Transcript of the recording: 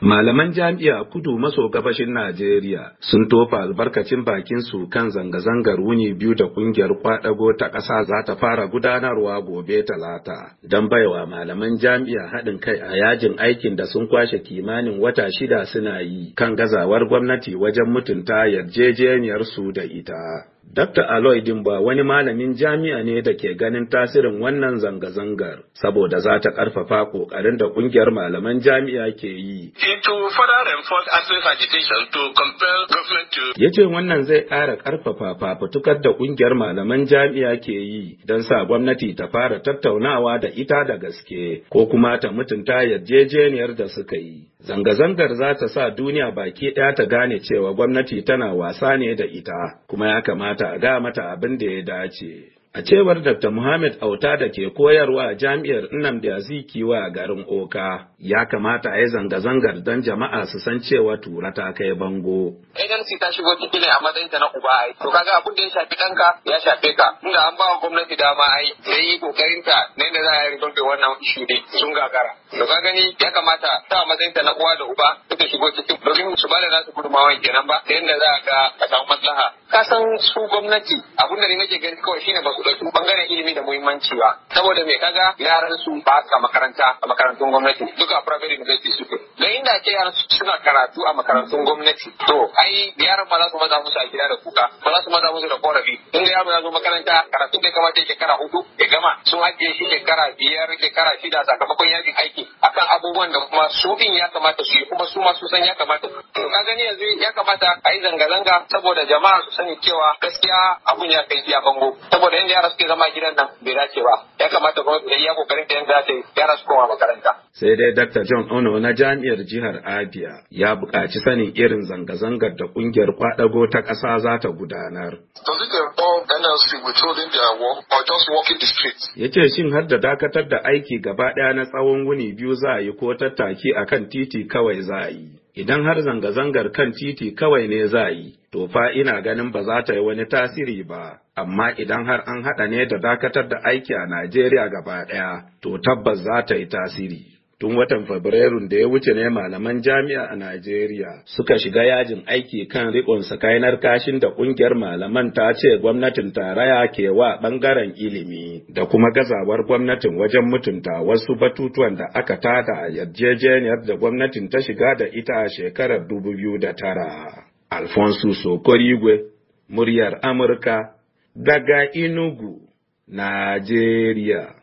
Malaman jami'a kudu maso gabashin Najeriya sun tofa albarkacin bakin su kan zanga-zangar wuni biyu da kungiyar kwadago ta ƙasa za ta fara gudanarwa gobe talata don baiwa malaman jami'a haɗin kai a yajin aikin da sun kwashe kimanin wata shida suna yi kan gazawar gwamnati wajen mutunta yarjejeniyar su da ita. Dr. Aloy Dimba wani malamin jami'a ne da ke ganin tasirin wannan zanga-zangar saboda za ta karfafa kokarin da ƙungiyar malaman jami'a ke yi. Ya ce wannan zai ƙara ƙarfafa fafutukar da ƙungiyar malaman jami'a ke yi don sa gwamnati ta fara tattaunawa da ita da gaske ko kuma ta mutunta yarjejeniyar da suka yi. Zanga-zangar za ta sa duniya baki ɗaya ta gane cewa gwamnati tana wasa ne da ita, kuma ya kamata a ga mata abin da ya dace. A cewar Dr. Muhammad Auta da ke koyarwa a jami'ar Nnamdi Azikiwa a garin Oka, ya kamata a yi zanga-zangar don jama'a su san cewa tura ta kai bango. Agency ta shigo ciki ne a matsayinta na uba ai. To kaga abin da ya shafi ɗanka ya shafe ka. Inda an ba wa gwamnati dama ai sai yi kokarin ta ne da za a yi rubuta wannan ishu ne sun gagara. To ka gani ya kamata ta a matsayinta na uwa da uba suka shigo ciki domin su ba da nasu gudunmawan kenan ba da yadda za a ga a samu maslaha. Ka san su gwamnati abin da ne nake gani kawai shine ba ɗauki bangaren ilimi da muhimmanci ba saboda me kaga yaran su ba su makaranta a makarantun gwamnati duka private university suke da inda ke yaran suna karatu a makarantun gwamnati to ai yaran ba za su maza musu a gida da kuka ba za su maza musu da korafi in ga yaro ya zo makaranta karatu bai kamata kara hudu ya gama sun ajiye shi shekara biyar shekara shida sakamakon yakin aiki akan abubuwan da kuma su din ya kamata su yi kuma su ma su san ya kamata to ka gani yanzu ya kamata a yi zanga-zanga saboda jama'a su sani cewa gaskiya abun ya kai a bango saboda yanda yara suke zama a gidan nan bai dace ba ya kamata kuma ta yi ya kokarin ta yanda za ta yi yara su koma makaranta sai dai dr john ono na jami'a gwamnati jihar Abia ya buƙaci sanin irin zanga-zangar da ƙungiyar kwaɗago ta ƙasa za ta gudanar. Ya ce shin har da dakatar da aiki gaba ɗaya na tsawon wuni biyu za a yi ko tattaki a kan titi kawai za a yi. Idan har zanga-zangar kan titi kawai ne za a yi, to fa ina ganin ba za ta yi wani tasiri ba, amma idan har an haɗa ne da dakatar da aiki a Najeriya gaba ɗaya, to tabbas za ta yi tasiri. tun watan Fabrairun da ya wuce ne malaman jami'a a Najeriya suka shiga yajin aiki kan rikon sakainar kashin da kungiyar malaman ta ce gwamnatin taraya ke wa bangaren ilimi da kuma gazawar gwamnatin wajen mutunta wasu batutuwan da aka tada a yarjejeniyar da gwamnatin ta shiga da ita a shekarar 2009. Alfonso Sokorigwe, muryar Amurka, daga Inugu, Najeriya.